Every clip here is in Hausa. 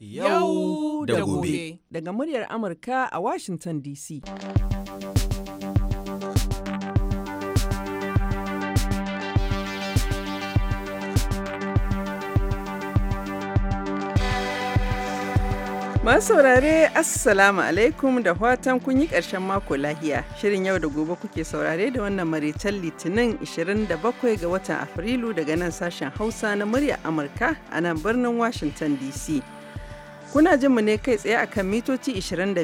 yau da gobe daga muryar amurka a washington dc Masu saurare Assalamu alaikum da fatan kun yi ƙarshen mako lahiya. Shirin yau da gobe kuke saurare da wannan maritan Litinin 27 ga watan Afrilu daga nan sashen Hausa na murya Amurka a nan birnin Washington DC. Kuna jin mu ne kai tsaye akan mitoci 25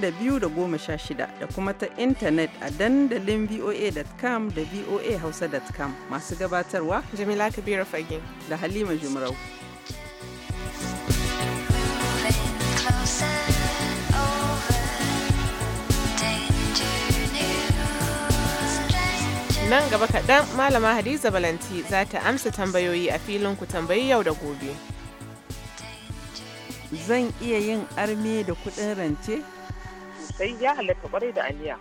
da 22 da 16 da kuma ta intanet a dandalin voa.com da voahausa.com masu gabatarwa Jamila Kabiru Fage da Halima Jumrau. Nan gaba kaɗan Malama Hadiza Balanti za ta amsa tambayoyi a filin ku tambayi yau da gobe. Zan iya yin arme da kuɗin rance? Sai ya halatta kwarai da aniya.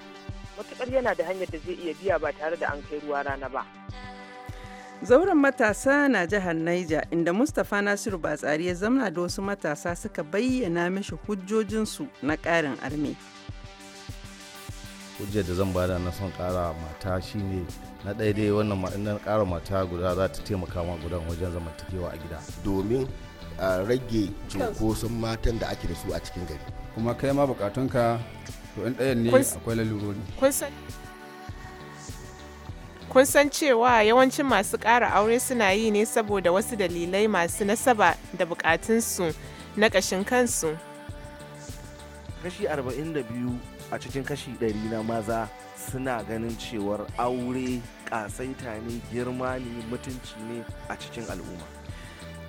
Matuƙar yana da hanyar da zai iya biya ba tare da an kai ruwa rana ba. Zauren matasa na jihar Niger inda Mustapha Nasiru Batsari ya zama da wasu matasa suka bayyana mishi hujjojinsu na ƙarin arme. hujjar da zan bada na son ƙara mata shine na ɗaya dai wannan na ƙara mata guda za ta taimaka ma gudan wajen zamantakewa a gida domin a rage cunkoson matan da ake da su a cikin gari kuma kai ma bukatunka to in ɗayan ne akwai lalurori kun san cewa yawancin masu ƙara aure suna yi ne saboda wasu dalilai masu nasaba da bukatunsu na ƙashin kansu kashi 42 a cikin kashi 100 na maza suna ganin cewar aure ƙasaita ne girma ne mutunci ne a cikin al'umma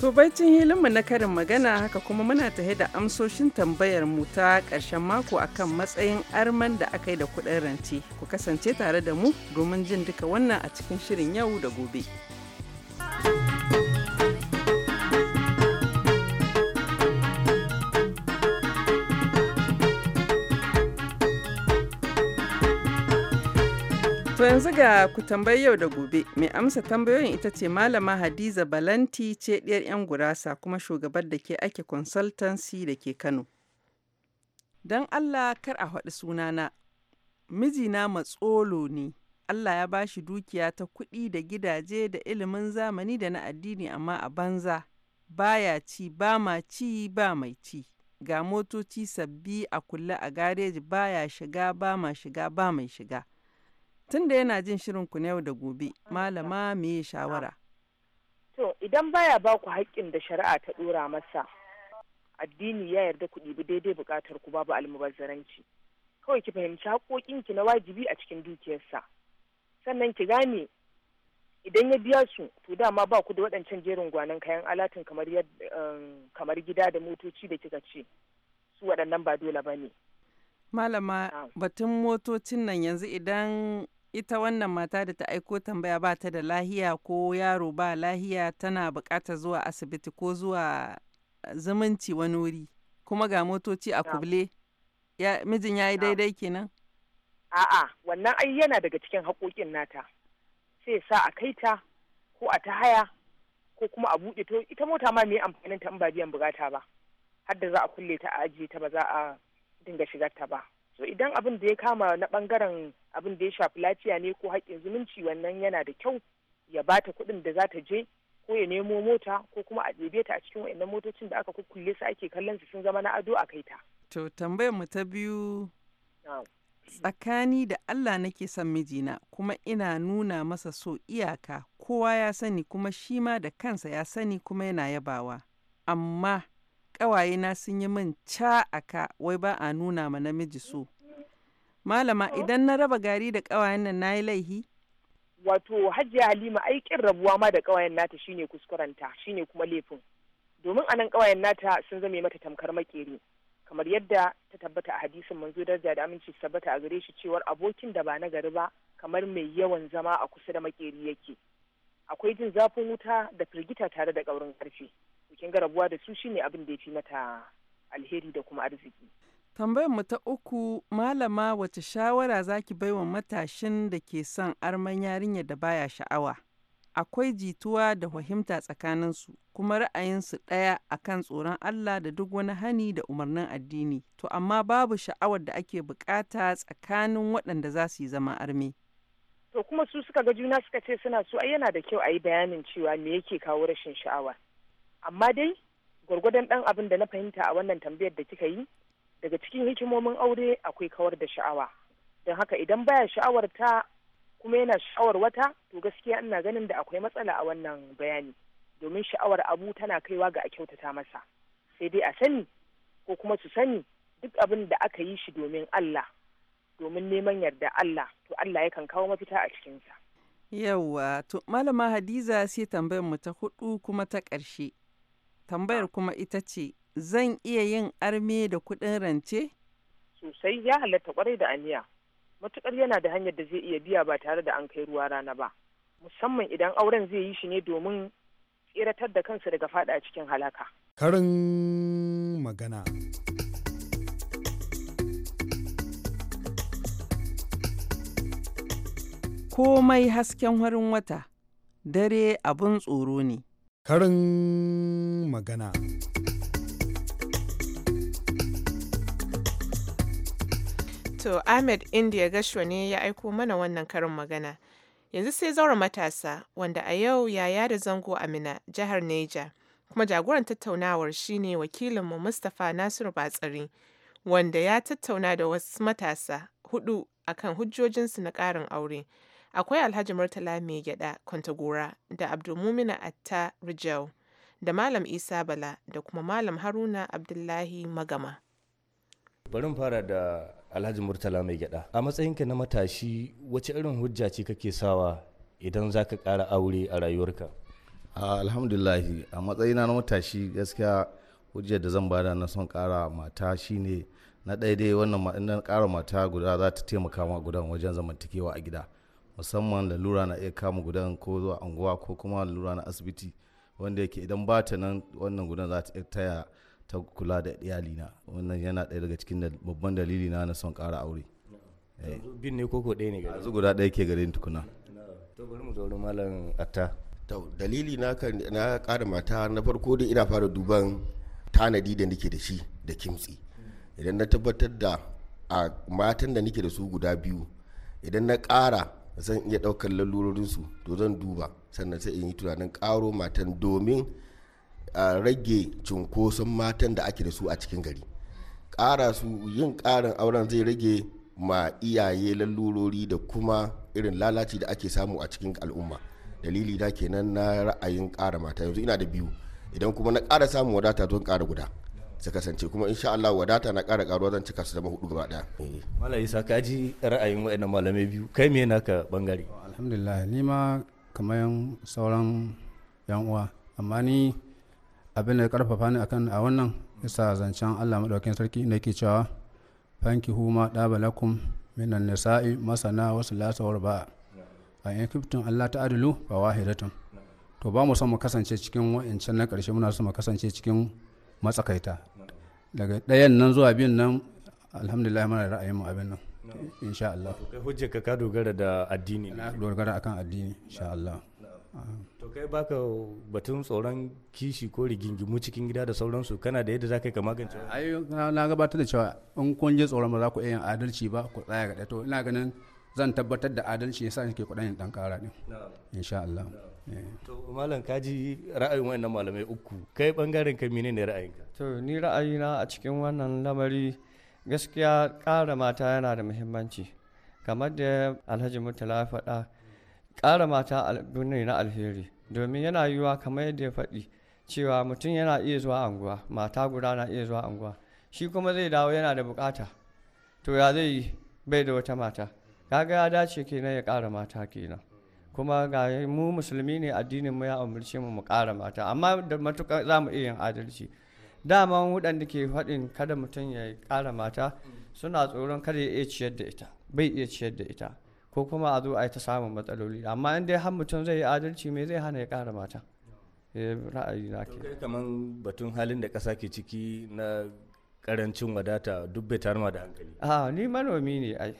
To baicin hilinmu na karin magana haka kuma muna tahe da amsoshin tambayar mu ta ƙarshen mako akan matsayin arman da aka yi da kuɗin rance. Ku kasance tare da mu domin jin duka wannan a cikin shirin yau da gobe. Yanzu ga ku tambayi yau da gobe, mai amsa tambayoyin ita ce Malama Hadiza Balanti ce ɗiyar 'yan gurasa kuma shugabar da ke ake consultancy da ke Kano. Don Allah kar a haɗu sunana, mijina matsolo ne, Allah ya bashi dukiya ta kuɗi da gidaje da ilimin zamani da na addini amma a banza, baya ci ba ma ci ba mai ci. Ga motoci sabbi a kulle a gareji baya shiga ba ma shiga ba mai shiga. Tunda yana jin shirin ku na yau da gobe, malama me shawara? To, idan baya ba ku haƙƙin da shari'a ta ɗora masa, addini ya yarda ku ɗibi daidai buƙatar ku babu almubazzaranci. Kawai ki fahimci ki na wajibi a cikin dukiyarsa. Sannan ki gane idan ya biya su to dama ba ku da waɗancan jerin gwanon kayan alatin kamar um, gida da motoci da kika ce su waɗannan ba dole ba ne Malama ah. batun motocin nan yanzu idan ita wannan mata da ta aiko tambaya ba ta da lahiya ko yaro ba lahiya tana bukata zuwa asibiti ko zuwa zumunci wani wuri kuma ga motoci a kuble mijin ya yi daidai kenan a'a wannan ai yana daga cikin haƙoƙin nata sai sa a kai ta ko a ta haya ko kuma a buɗe to ita mota ma me amfanin ta in ba biyan bukata ba har za a kulle ta a ajiye ta ba za a dinga shigar ta ba so idan abin da ya kama na bangaren abin da ya shafi lafiya ne ko haƙƙin zumunci wannan yana da kyau ya ba ta kuɗin da za ta je ko ya nemo mota ko kuma a ɗebe ta a cikin wa'annan motocin da aka kukkulle su ake kallon su sun zama na ado a kai ta. To tambayar mu ta biyu tsakani da Allah nake son mijina kuma ina nuna masa so iyaka kowa ya sani kuma shi ma da kansa ya sani kuma yana yabawa amma na sun yi min ca aka wai ba a nuna ma namiji so. Malama idan na raba gari da kawayen nan na yi laihi? Wato Hajiya Halima aikin rabuwa ma da ƙawayen nata shine kuskurenta shine kuma laifin. Domin anan ƙawayen nata sun zame mata tamkar makeri. Kamar yadda ta tabbata a hadisin manzo daraja da aminci tabbata a gare shi cewar abokin da ba na gari ba kamar mai yawan zama a kusa da makeri yake. akwai jin zafin wuta da firgita tare da ƙaurin ƙarfi bikin garabuwa da su shine abin da ya fi mata alheri da kuma arziki tambayar mu ta uku malama wace shawara zaki baiwa matashin da ke son arman yarinya da baya sha'awa akwai jituwa da fahimta tsakanin su kuma ra'ayinsu ɗaya akan tsoron Allah da duk wani hani da umarnin addini to amma babu sha'awar da ake bukata tsakanin waɗanda za su yi zama armi. to kuma su suka ga juna suka ce suna so ai yana da kyau a yi bayanin cewa me yake kawo rashin sha'awa amma dai gwargwadon dan abin da na fahimta a wannan tambayar da kika yi daga cikin hikimomin aure akwai kawar da sha'awa don haka idan baya sha'awar ta kuma yana sha'awar wata to gaskiya ina ganin da akwai matsala a wannan bayani domin sha'awar abu tana kaiwa ga a kyautata masa sai dai a sani ko kuma su sani duk abin da aka yi shi domin Allah domin neman yarda Allah to Allah yakan kawo mafita a cikinsa. Yawwa to malama Hadiza sai tambayar mu ta hudu kuma ta ƙarshe. Tambayar kuma ita ce zan iya yin arme da kuɗin rance? Sosai ya halatta kwarai da aniya. Matuƙar yana da hanyar da zai iya biya ba tare da an kai ruwa rana ba. Musamman idan auren zai yi shi ne domin tsiratar da kansa daga fada cikin halaka. Karin magana. komai hasken harin wata dare abin tsoro ne. Karin magana. To Ahmed India Gashwa ne ya aiko mana wannan karin magana. Yanzu sai zaura matasa wanda a yau yaya da zango Amina jihar Neja kuma jagoran tattaunawar shine wakilinmu Mustapha Nasiru Batsari wanda ya tattauna da wasu matasa hudu akan hujjojinsu na ƙarin aure. akwai Alhaji Murtala Mai Gyada Kwantagora da Abdulmumina Atta Rijau da Malam Isa Bala da kuma Malam Haruna Abdullahi Magama. Bari fara da Alhaji Murtala Mai Gyada. A matsayinka na matashi wace irin hujja ce kake sawa idan za ka ƙara aure a rayuwarka? Alhamdulillahi a matsayina na matashi gaskiya hujjar da zan bada na son ƙara mata shine na ɗaya dai wannan ƙara mata guda za ta taimaka ma gudan wajen zamantakewa a gida. musamman lalura na iya kama gudan ko zuwa anguwa ko kuma lalura na asibiti wanda yake idan ba ta nan wannan gudan za ta iya taya ta kula da iyalina wannan yana ɗaya daga cikin babban dalili na na son ƙara aure eh. bin ne koko ɗaya ne gari yanzu guda ɗaya ke garin tukuna to bari mu zauri malam atta to dalili na kan na ƙara mata na farko dai ina fara duban tanadi da nake da shi da kimtsi idan na tabbatar da a matan da nake da su guda biyu idan na ƙara zan iya ɗaukar su to zan duba sannan sai in yi tunanin ƙaro matan domin a rage cunkoson matan da ake da su a cikin gari ƙara su yin ƙarin auren zai rage ma iyaye lalurori da kuma irin lalaci da ake samu a cikin al'umma dalili da kenan na ra'ayin ƙara mata yanzu ina da biyu idan kuma na ƙara samun wadata don ƙara guda su kasance kuma insha Allah wadata na kara ƙaruwa zan cika su zama hudu gaba ɗaya. Eh. Malam Isa ka ji ra'ayin waɗannan malamai biyu kai me naka bangare. Alhamdulillah ni ma kamar sauran yan uwa amma ni abin da karfafa ni akan a wannan isa zancen Allah madaukakin sarki ne ke cewa fanki huma dabalakum minan nisa'i masana wasu lasawar ba a yan kiftin Allah ta adilu ba wahidatun to ba mu son mu kasance cikin wa'ancan na ƙarshe muna son mu kasance cikin matsakaita daga ɗayan nan zuwa biyun nan alhamdulillah mana ra'ayin mu abin nan insha Allah kai hujjar ka dogara da addini na dogara akan addini insha Allah to kai baka batun tsoron kishi ko rigingimu cikin gida da sauransu kana da yadda zaka ka magance ai na gabatar da cewa in kun tsoron ba za ku iya yin adalci ba ku tsaya ga to ina ganin zan tabbatar da adalci yasa nake kuɗin dan kara din insha Allah to malam kaji ra'ayin wannan malamai uku kai bangaren ka menene ra'ayinka to ni ra'ayina a cikin wannan lamari gaskiya ƙara mata yana da muhimmanci kamar da alhaji murtala ya faɗa ƙara mata ne na alheri domin yana yiwuwa kamar yadda ya faɗi cewa mutum yana iya zuwa anguwa mata guda na iya zuwa anguwa shi kuma zai dawo yana da bukata to ya zai yi bai da wata mata kaga ya dace kenan ya ƙara mata kenan kuma ga mu musulmi ne addinin mu ya umarce mu mu kara mata amma da matuƙa za mu iya yin adalci dama waɗanda ke faɗin kada mutum ya kara mata suna tsoron kada ya iya ciyar da ita bai iya ciyar da ita ko kuma a zo a yi ta samun matsaloli amma in dai har mutum zai yi adalci me zai hana ya kara mata eh, ra'ayi na ke kamar batun halin da ƙasa ke ciki na ƙarancin wadata duk bai tarma da hankali a ni manomi ne ai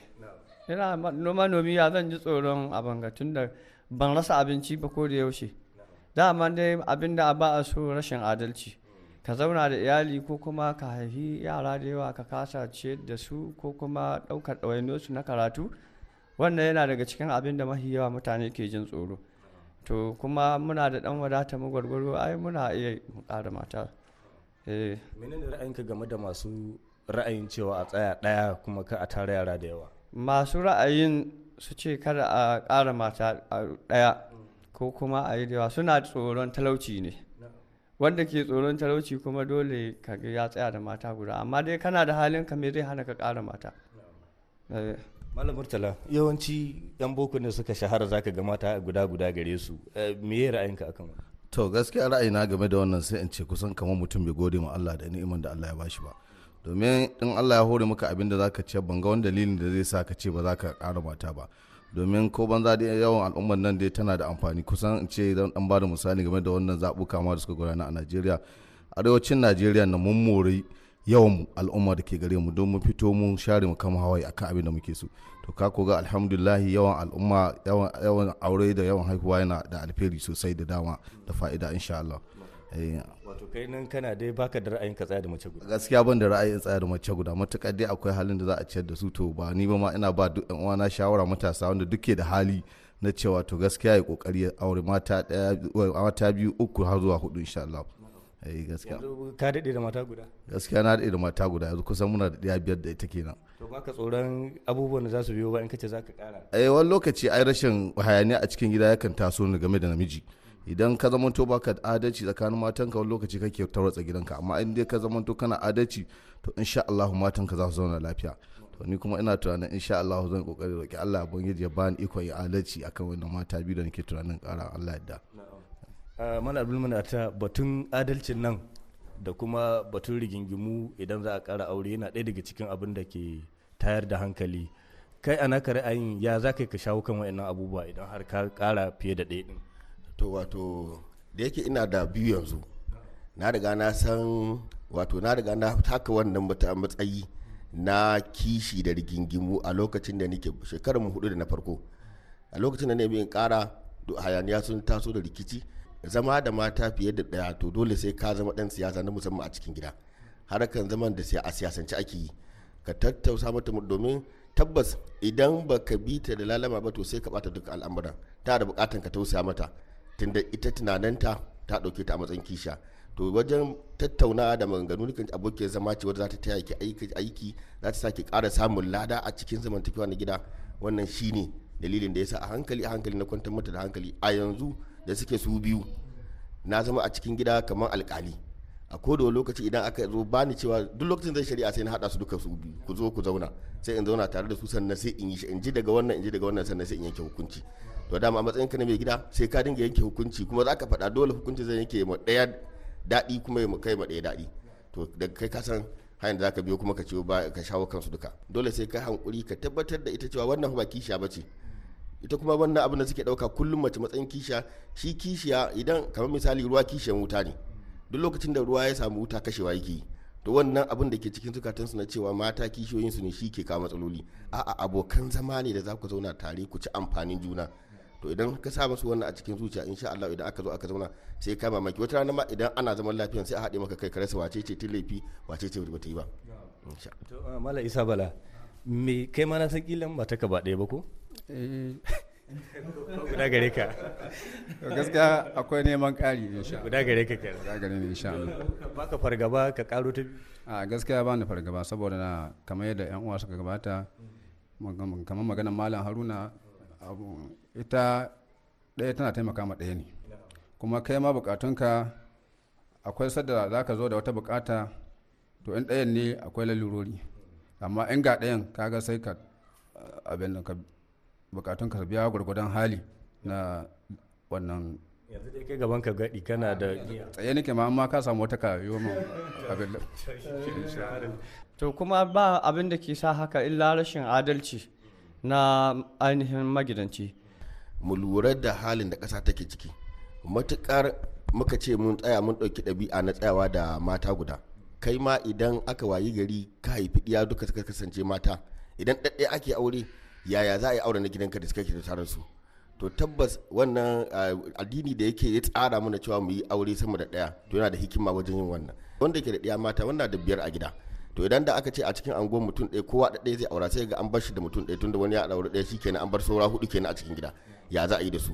ina nomi ya zan ji tsoron abin ga da ban rasa abinci ba ko da yaushe dama dai abin da ba a so rashin adalci ka zauna da iyali ko kuma ka haifi yara da yawa ka kasa ce da su ko kuma ɗaukar su na karatu wannan yana daga cikin abin da mafi yawa mutane ke jin tsoro to kuma muna da ɗan wadata mu gwargwaro ai muna iya ƙara mata eh. menene ra'ayinka game da masu ra'ayin cewa a tsaya ɗaya kuma ka a tara yara da yawa masu ra'ayin su ce kada a ƙara mata ɗaya ko kuma a yi da suna tsoron talauci ne wanda ke tsoron talauci kuma dole ka ga ya tsaya da mata guda amma dai kana da halin ka me zai hana ka ƙara mata eh. malam murtala yawanci yan boko ne suka shahara zaka ga mata guda guda gare su eh, me ya ra'ayinka akan to gaskiya ra'ayina game da wannan sai in ce kusan kamar mutum bai gode ma Allah da ni'imar da Allah ya bashi ba domin in Allah ya hore maka abin da zaka ce ban ga wani dalilin da zai sa ka ce ba za ka ƙara mata ba domin ko banza da yawan al'ummar nan dai tana da amfani kusan in ce zan dan da misali game da wannan zaɓuka kama da suka gudana a Najeriya arewacin Najeriya na mun mori yawan al'umma da ke gare mu don mu fito mu share mu kama hawaye akan abin da muke so to ka koga alhamdulillahi yawan al'umma yawan aure da yawan haihuwa yana da alfahari sosai da dama da fa'ida insha Allah Eh. wato kai nan kana dai baka da ra'ayin ka tsaya da mace guda gaskiya ban da ra'ayin tsaya da mace guda matukar dai akwai halin da za a ciyar da su to ba ni ba ma ina ba duk uwa na shawara matasa wanda duke da hali na cewa to gaskiya ya kokari aure mata mata biyu uku har zuwa hudu insha Allah eh gaskiya ka dade da mata guda gaskiya na daɗe da mata guda yanzu kusan muna da ɗaya biyar da ita kenan to baka tsoron abubuwan da za su biyo ba in kace za ka ƙara eh wani lokaci ai rashin hayaniya a cikin gida yakan taso ni game da namiji idan ka zamanto baka da adalci tsakanin ka wani lokaci kake tarwatsa gidanka amma in dai ka zamanto kana adalci to insha Allah ka za su zauna lafiya to ni kuma ina tunanin insha Allah zan kokari roki Allah ya bangiji ya bani iko ya adalci akan wannan mata biyu da nake tunanin ƙara Allah yadda eh, mana abdul ta batun adalcin nan da kuma batun rigingimu idan za a ƙara aure yana ɗaya daga cikin abin da ke tayar da hankali kai ana ka ra'ayin ya za ka shawo kan wa'annan abubuwa idan har ka kara fiye da ɗaya to wato da yake ina da biyu yanzu na riga na san wato na riga na taka wannan matsayi na kishi da rigingimu a lokacin da nake shekarar mu hudu da na farko a lokacin da na yi kara hayaniya sun taso da rikici zama da mata fiye da daya to dole sai ka zama dan siyasa na musamman a cikin gida harakan zaman da a siyasance ake yi ka tattausa mata domin tabbas idan baka bi ta da lalama ba to sai ka bata duka al'amuran ta da bukatan ka tausaya mata tunda ita tunaninta ta ɗauke ta a matsayin kisha to wajen tattaunawa da maganganu nukan abokin zama ce wadda za ta taya ki aiki aiki za ta sake ƙara samun lada a cikin zamantakewa na gida wannan shine dalilin da yasa a hankali a hankali na kwantar mata da hankali a yanzu da suke su biyu na zama a cikin gida kamar alkali a ko da lokaci idan aka zo bani cewa duk lokacin zai shari'a sai na hada su duka su bi ku zo ku zauna sai in zauna tare da su sannan sai in yi shi in ji daga wannan in ji daga wannan sannan sai in yanke hukunci to dama a matsayin ka na mai gida sai ka dinga yanke hukunci kuma za ka faɗa dole hukunci zai yanke ma ɗaya daɗi kuma ya kai ma ɗaya daɗi to daga kai ka san hanyar za ka biyo kuma ka ciwo ba ka shawo kansu duka dole sai ka hankuri ka tabbatar da ita cewa wannan ba kishiya ba ce ita kuma wannan abin da suke ɗauka kullum mace matsayin kishiya shi kishiya idan kamar misali ruwa kishiyan wuta ne duk lokacin da ruwa ya samu wuta kashewa yake to wannan abin da ke cikin zukatansu na cewa mata kishiyoyin su ne shi ke kawo matsaloli a'a abokan zama ne da za ku zauna tare ku ci amfanin juna to idan ka sa musu wannan a cikin zuciya insha Allah idan aka zo aka zauna sai ka mamaki wata rana ma idan ana zaman lafiya sai a haɗe maka kai ka rasa wace ce ta laifi wace ce ta yi ba to mala isa bala me kai ma na san kilan ba ta ka ba ɗaya ba ko eh, guda gare ka to gaskiya akwai neman ƙari sha guda gare ka ke guda gare ni insha Allah ka fargaba ka karo ta a gaskiya ba ni fargaba saboda na kamar yadda yan uwa suka gabata kamar maganar malam Haruna ita ɗaya tana taimaka ma ɗaya ne kuma kai ma bukatunka akwai sadda za ka zo da wata bukata to in ɗayan ne akwai lalurori amma in ga ɗayan kaga sai ka abin ka bukatun ka biya gwargwadon hali na wannan yanzu dai kai gaban ka gadi kana da tsaye nake ma amma ka samu wata kayo mu to kuma ba abin da ke sa haka illa rashin adalci na ainihin magidanci mu lura da halin da kasa take ciki matukar muka ce mun tsaya mun ɗauki ɗabi'a na tsayawa da mata guda kai ma idan aka wayi gari ka haifi ɗiya duka suka kasance mata idan ɗaɗɗe ake aure yaya za a yi auren na gidanka da suka ke da su to tabbas wannan ah, addini da yake ya tsara mana cewa mu yi aure sama da ɗaya to yana da hikima wajen yin wannan wanda ke da ɗaya mata wanda da biyar a gida to idan da aka ce a cikin angon mutum ɗaya kowa da ɗaya zai aura sai ga an bar shi da mutum ɗaya tunda wani ya aure ɗaya kenan an bar saura hudu kenan a cikin gida ya za a yi da su.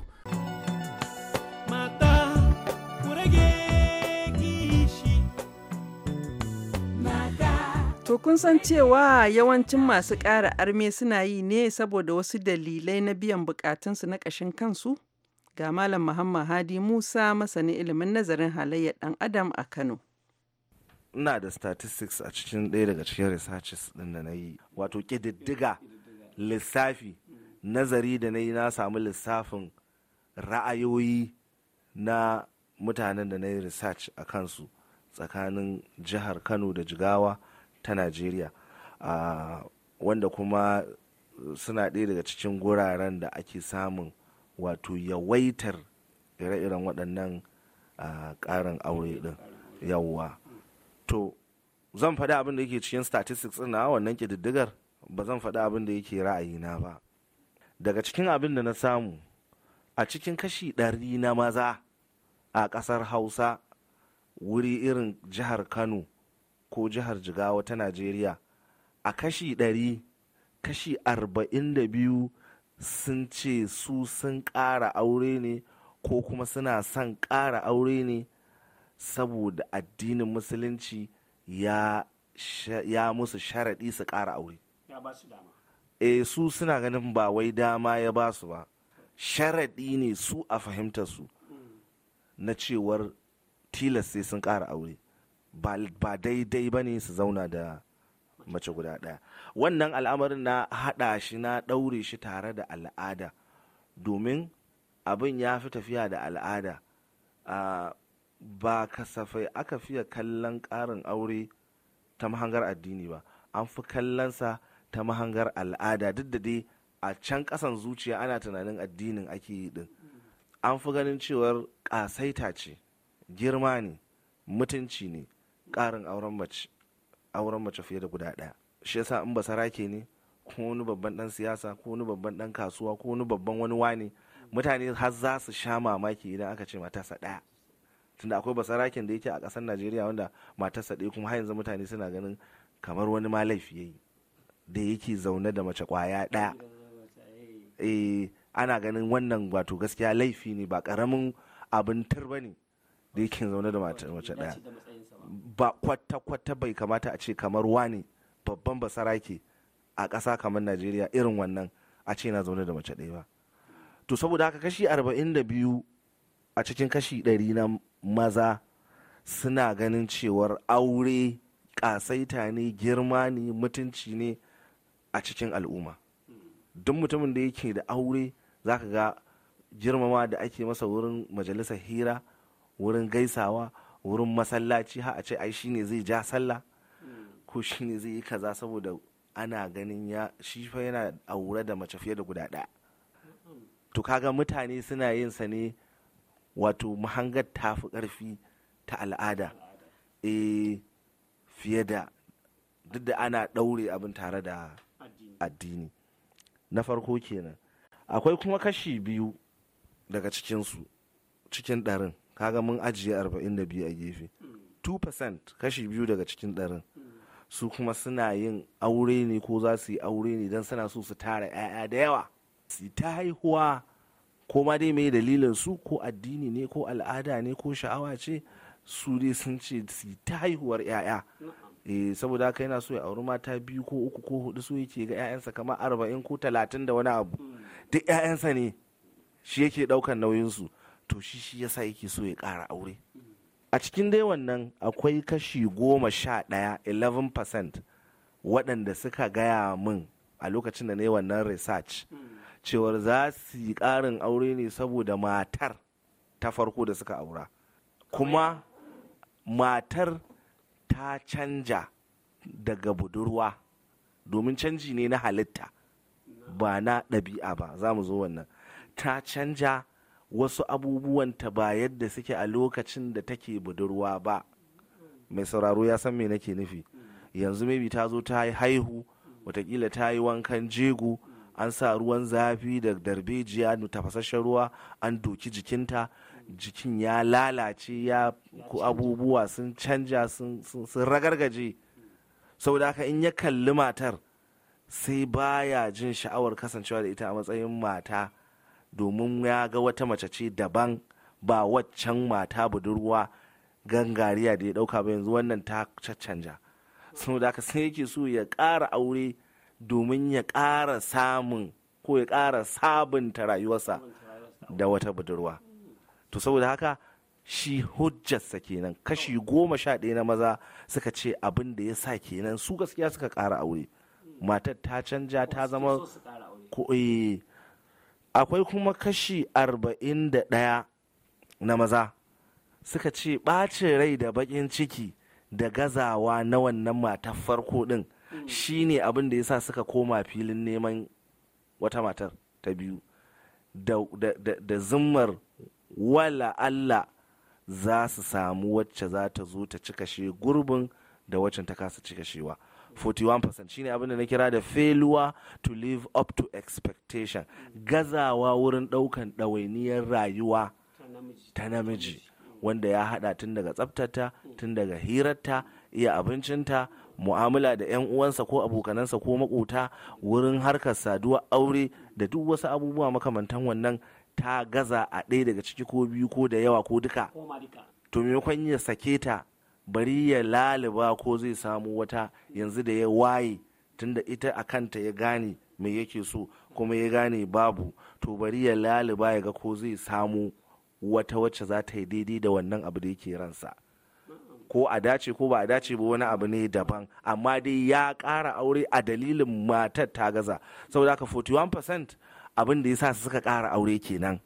To kun san cewa yawancin masu ƙara arme suna yi ne saboda wasu dalilai na biyan bukatunsu na ƙashin kansu? Ga Malam Muhammad Hadi Musa masanin ilimin nazarin halayyar ɗan Adam a Kano. Ina da statistics a cikin ɗaya daga cikin researches ɗin da na yi, wato ƙididdiga lissafi nazari da na yi na samu lissafin ra'ayoyi na mutanen da na yi research a kansu tsakanin jihar Kano da Jigawa. ta najeriya wanda kuma suna ɗaya daga cikin guraren da ake samun wato yawaitar ire-iren waɗannan ƙarin aure ɗin yawwa to zan faɗi abin da yake cikin statistics na wannan ƙididdigar ba zan faɗi abin da yake ra'ayina ba daga cikin abin da na samu a cikin kashi ɗari na maza a ƙasar hausa wuri irin jihar kano ko jihar jigawa ta najeriya a kashi ɗari kashi arba'in da biyu sun ce su sun ƙara aure ne ko kuma suna son ƙara aure ne saboda addinin musulunci ya, ya musu sharaɗi su ƙara aure e su suna ganin ba wai dama ya ba su ba sharaɗi ne su a fahimtar su hmm. na cewar tilas sai sun ƙara aure ba daidai ba ne su zauna da mace guda ɗaya wannan al'amarin na haɗa shi na ɗaure shi tare da al'ada domin abin ya fi tafiya da al'ada ba kasafai aka fiye kallon ƙarin aure ta mahangar addini ba an fi kallonsa ta mahangar al'ada duk da dai a can ƙasan zuciya ana tunanin addinin ake yi din an fi ganin cewar ƙasaita ce girma ne mutunci ne Karin auren mace auren mace fiye da guda ɗaya shi yasa in ba sarake ne ko wani babban dan siyasa ko wani babban dan kasuwa ko wani babban wani wani mutane har za su sha mamaki idan aka ce matasa ɗaya tunda akwai basaraken da yake a ƙasar najeriya wanda matarsa ɗaya kuma har yanzu mutane suna ganin kamar wani ma laifi yayi da yake zaune da mace kwaya ɗaya eh ana ganin wannan wato gaskiya laifi ne ba ƙaramin abin tur ba ne da yake zaune da mace daya ba kwata-kwata bai kamata a ce kamar wani babban basarake a ƙasa kamar najeriya irin wannan a ce na zaune da mace ɗaya ba to saboda haka kashi 42 a cikin kashi 100 na maza suna ganin cewar aure ƙasaita ne girma ne mutunci ne a cikin al'umma duk mutumin da yake da aure zaka ga girmama da ake masa wurin majalisar hira wurin gaisawa wurin masallaci ha a ce ai ne zai ja sallah ko shi ne zai yi kaza saboda ana ganin ya shi fa yana aure da mace fiye da guda ɗaya to kaga mutane suna yin sa ne wato mahangar tafi ƙarfi ta al'ada e fiye da duk da ana ɗaure abin tare da addini na farko kenan akwai kuma kashi biyu daga cikinsu cikin ɗarin kaga mun ajiye 42 a gefe 2% kashi biyu daga cikin ɗarin su kuma suna yin aure ne ko za su yi aure ne don suna so su tara 'ya'ya da yawa su ta haihuwa ko ma dai mai dalilin su ko addini ne ko al'ada ne ko sha'awa ce su dai sun ce su ta haihuwar 'ya'ya eh saboda haka yana so ya auri mata biyu ko uku ko hudu so yake ga 'ya'yansa kamar arba'in ko talatin da wani abu duk 'ya'yansa ne shi yake daukan nauyinsu to shi shi yasa yake so ya kara aure a cikin dai wannan akwai kashi goma sha ɗaya 11% waɗanda suka gaya min a lokacin da na yi wannan research cewar za su yi ƙarin aure ne saboda matar ta farko da suka aura kuma matar ta canja daga budurwa domin canji ne na halitta ba na ɗabi'a ba za mu zo wannan ta canja wasu abubuwanta ba yadda suke a lokacin da take budurwa ba mai sauraro ya san me nake nufi yanzu maybe ta zo ta yi haihu watakila ta yi wankan jego an sa ruwan zafi da darbejiya tafasasshen ruwa an doki jikinta jikin ya lalace ya ku abubuwa sun canja sun ragargaje da haka in ya kalli matar sai baya jin sha'awar kasancewa da ita a matsayin mata domin ya ga wata mace ce daban ba waccan mata budurwa gangariya da ya dauka ba yanzu wannan ta caccanja sau da aka sai yake so ya ƙara aure domin ya ƙara samun ko ya ƙara sabunta rayuwarsa da wata budurwa to saboda haka shi hujjarsa kenan kashi goma sha ɗaya na maza suka ce abin da ya sa kenan su gaskiya suka kara aure matar ta canja ta zama ko eh, akwai kuma kashi arba'in da ɗaya na maza suka ce ɓacin rai da baƙin ciki da gazawa na wannan matar farko ɗin shine abin da ya sa suka koma filin neman wata matar ta biyu da zimmar wala Allah za su samu wacce za ta zo ta cika shi gurbin da waccan ta kasa cika shewa. 41% shine abin da na kira da failure to live up to expectation gazawa wurin daukan ɗawainiyar rayuwa ta namiji wanda ya hada tun daga tsaftata tun daga hirarta iya abincinta mu'amala da 'yan uwansa ko abokanansa ko makota wurin harkar saduwa aure da duk wasu abubuwa makamantan wannan ta gaza a ɗaya daga ciki ko biyu ko da yawa ko duka to maimakon ya sake ta bari ya laliba ko zai samu wata yanzu da ya waye tunda ita a kanta ya gane me yake so kuma ya gane babu to bari ya laliba ya ga ko zai samu wata wacce za ta yi daidai da wannan abu da yake ransa ko a dace ko ba a dace ba wani abu ne daban amma dai ya ƙara aure a dalilin matar ta gaza saboda haka 41% abin da ya sa suka ƙara aure kenan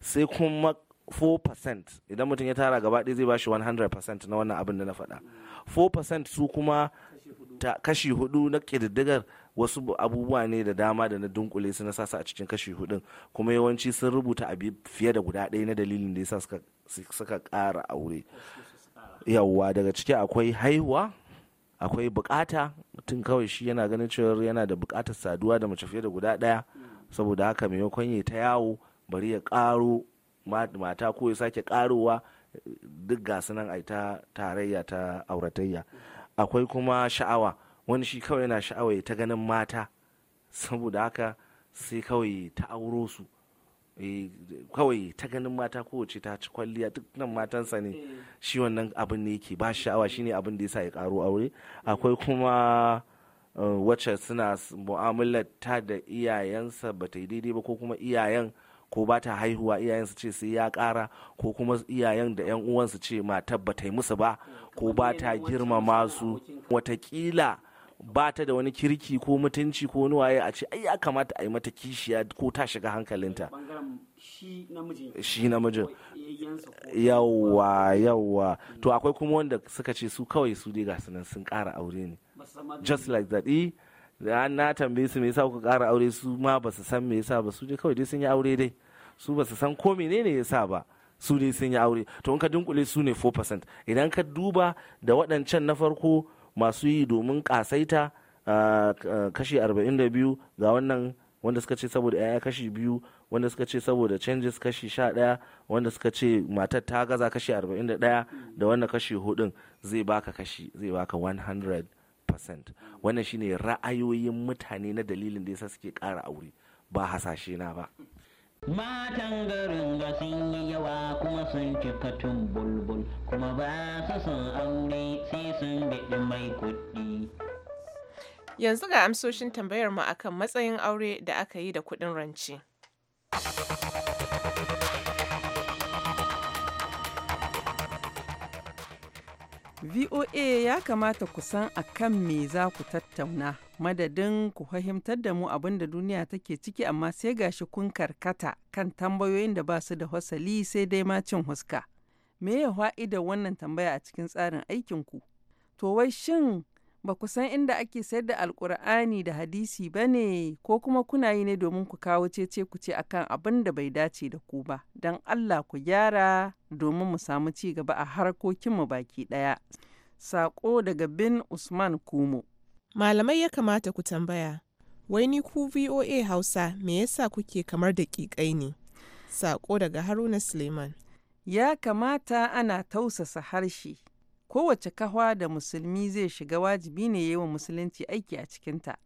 sai kuma 4% idan mutum ya tara gaba ɗaya zai ba shi 100% na wannan abin da na faɗa 4% su kuma ta kashi hudu na ƙididdigar wasu abubuwa ne da dama da na dunkule su na sasa a cikin kashi hudun kuma yawanci sun rubuta abi fiye da guda ɗaya na dalilin da yasa suka ƙara aure yawwa daga ciki akwai haihuwa akwai bukata mutum kawai shi yana ganin cewa yana da bukatar saduwa da mace fiye da guda ɗaya saboda haka maimakon ya ta yawo bari ya ƙaro mata ko ya sake karowa duk gasu nan ai ta tarayya ta auratayya akwai kuma sha'awa wani shi kawai yana sha'awa ta ganin mata saboda haka sai kawai ta auro su eh, kawai ta ganin mata kowace ta ci kwalliya duk nan matansa ne eh. shi wannan abin ne yake ba sha'awa ne abin da ya sa ya karo aure akwai kuma eh, wacce suna mu'amalar ta da iyayensa ba ta yi daidai ba ko kuma iyayen ko ba ta haihuwa iyayen su ce sai ya kara ko kuma iyayen da yan uwansu ce ma tabbata musu ba ko ba ta girmama su watakila ba ta da wani kirki ko mutunci ko wani waye a ce ai ya kamata a yi mata kishiya ko ta shiga hankalinta shi namijin yawwa yawwa to mm. akwai kuma wanda suka ce su kawai su dai ga sun kara aure ne just like that eh, da na tambaye su me yasa kuka ƙara aure su ma ba su san me yasa ba su ne kawai dai sun yi aure dai su ba su san ko menene yasa ba su dai sun yi aure to in ka dunkule su ne 4% idan ka duba da waɗancan na farko masu yi domin ƙasaita ah, kashi 42 ga wannan wanda suka ce saboda 'ya'ya kashi biyu wanda suka ce saboda changes kashi 11 wanda suka ce matar ta gaza kashi 41 da wannan kashi hudun zai baka kashi zai baka 100 percent wannan shine ra'ayoyin mutane na dalilin da yasa suke ƙara aure ba hasashe na ba matan garin ga sun yi yawa kuma sun cika bulbul kuma ba su son aure sai sun biɗi mai kuɗi yanzu ga amsoshin tambayar mu akan matsayin aure da aka yi da kuɗin rance VOA ya kamata ku san a kan me za ku tattauna madadin ku fahimtar da mu abin da duniya take ciki amma sai gashi kun karkata kan tambayoyin da ba su da hasali sai dai ma cin huska. Me ya fa'idar wannan tambaya a cikin tsarin aikinku? To wai shin ba ku san inda ake sayar da alkur'ani da hadisi ba ne ko kuma kuna yi ne domin ku kawo cece ku ce akan abin da bai dace da ku ba don allah ku gyara domin mu samu ci gaba a harkokinmu baki ɗaya Saƙo daga bin usman kumo malamai ya kamata ku tambaya wai ni ku voa hausa me yasa kuke kamar da ne sako daga haruna suleiman ya kamata ana tausasa harshe Kowace kahwa da musulmi zai shiga wajibi ne ya yi wa musulunci aiki a cikinta.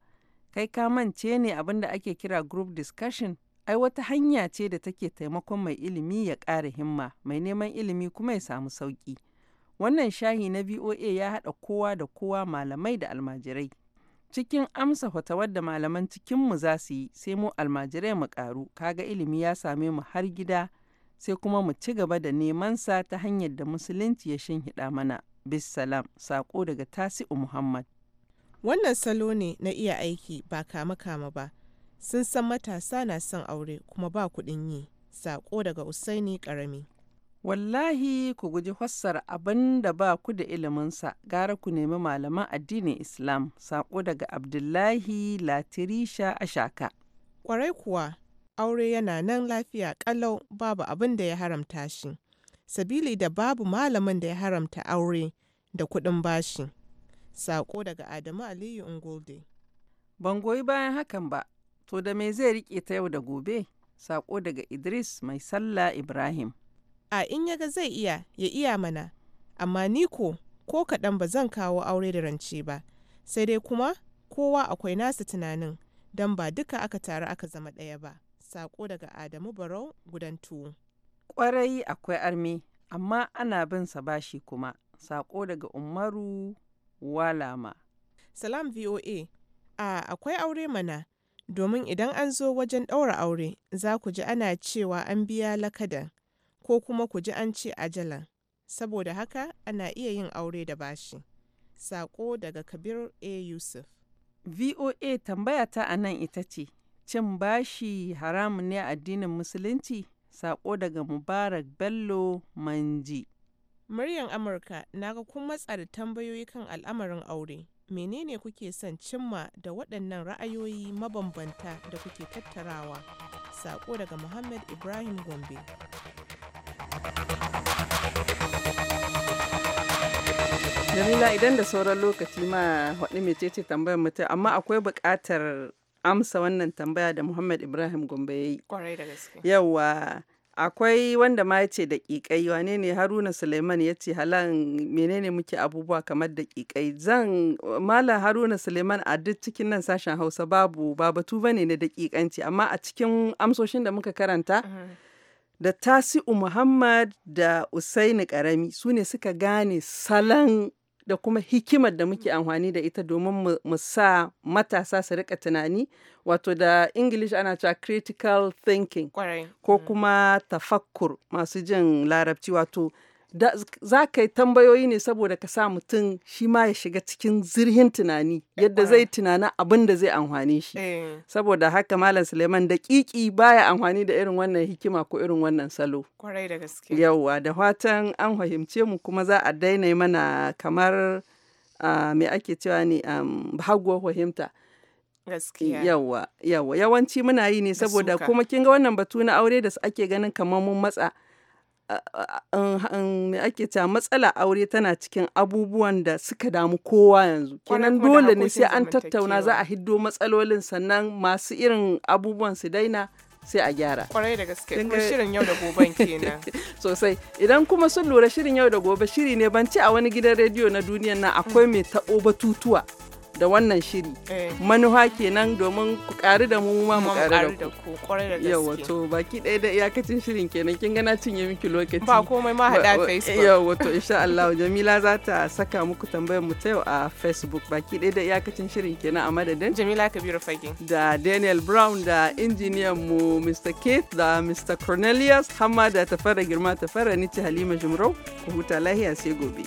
Kai ka mance ne abin da ake kira group discussion? Ai wata hanya ce da take taimakon mai ilimi ya ƙara himma, mai neman ilimi kuma ya samu sauƙi. Wannan shahi na VOA ya haɗa kowa da kowa malamai da almajirai. Cikin amsa fatawar wadda malaman cikinmu za su yi sai mu almajirai mu ƙaru, kaga ilimi ya same mu har gida sai kuma mu ci gaba da neman sa ta hanyar da musulunci ya shinhiɗa mana. bisalam saƙo daga tasi'u muhammad wannan salo ne na iya aiki ba kama kama ba sun san matasa na son aure kuma ba kuɗin yi Saƙo daga usaini ƙarami. wallahi ku guji hossar abin da ba ku da iliminsa gara ku nemi malaman addinin islam Saƙo daga abdullahi latirisha shaka. kwarai kuwa aure yana nan lafiya kalau babu abin da ya haramta shi sabili da babu malamin da ya haramta aure da kuɗin bashi. Sako daga Adamu Aliyu Ungulde. Ban goyi bayan hakan ba, to da me zai riƙe ta yau da gobe? Sako daga Idris mai sallah Ibrahim. A in yaga zai iya, ya iya mana, amma ni ko ko kaɗan ba zan kawo aure da rance ba, sai dai kuma kowa akwai nasa tunanin, don ba duka aka taru aka zama ɗaya ba. Sako daga Adamu Barau gudan tuwo. Kwarai akwai armi, amma ana bin sa bashi kuma. Sako daga Umaru Walama. Salam VOA. A akwai aure mana, domin idan an zo wajen ɗaura aure za ku ji ana cewa an biya lakadan, ko kuma ku ji an ce ajala, Saboda haka ana iya yin aure da bashi. Sako daga Kabir A. Yusuf. VOA tambaya ta a ita ce, cin bashi haramun ne a addinin Musulunci? Sako daga Mubarak Bello Manji. Muryan Amurka na ga kun matsa da tambayoyi kan al'amarin aure. Menene kuke son cimma da waɗannan ra'ayoyi mabambanta da kuke tattarawa? saƙo daga Muhammad Ibrahim Gombe. Jamila idan da sauran lokaci ma mai ce tambayar mutum amma akwai buƙatar amsa wannan tambaya da Muhammad Ibrahim Gombe ya yi. Yawwa. akwai wanda ma ya ce daƙiƙai wane ne haruna suleiman ya ce halan menene muke abubuwa kamar daƙiƙai zan malam haruna suleiman a duk cikin nan sashen hausa babu ba batu ba ne na daƙiƙanci amma a cikin amsoshin da muka karanta da tasi'u muhammad da usaini karami su ne suka gane salon da kuma hikimar da muke amfani da ita domin mu sa matasa su rika tunani wato da english ana cewa critical thinking ko mm. kuma tafakkur masu jin larabci wato za ka yi tambayoyi ne saboda ka sa mutum shi ma ya shiga cikin zirhin tunani yadda zai tunana abin da zai amfane shi eh. saboda haka malam suleiman da kiki baya amfani da irin wannan hikima ko irin wannan salo kwarai da gaske yauwa da fatan an fahimce mu kuma za a daina mana kamar mai me ake cewa ne haguwar fahimta gaskiya yawanci muna yi ne saboda kuma kin ga wannan batu na aure da ake ganin kamar mun matsa me ake cewa matsala aure tana cikin abubuwan da suka damu kowa yanzu kenan dole ne sai an tattauna za a hiddo matsalolin sannan masu irin abubuwan su daina sai a gyara. Kwarai da gaske, kuma shirin yau da goben kenan. Sosai, idan kuma sun lura shirin yau da gobe shiri ne ban ci a wani gidan rediyo na duniyan nan akwai mai taɓo batutuwa. da wannan shiri eh. manuwa kenan domin ku ƙari da mu ma mu ƙari da ku da yawa to baki ɗaya da iyakacin shirin kenan kin gana cinye miki lokaci ba komai ma haɗa facebook yawa to insha Allah Jamila za ta saka muku tambayar mu ta yau a facebook baki ɗaya da iyakacin shirin kenan a madadin Jamila Kabiru Fagin da Daniel Brown da injiniyan mu Mr. Keith da Mr. Cornelius Hamma da Tafara Girma Tafara ni ce Halima Jumrau ku huta lahiya sai gobe.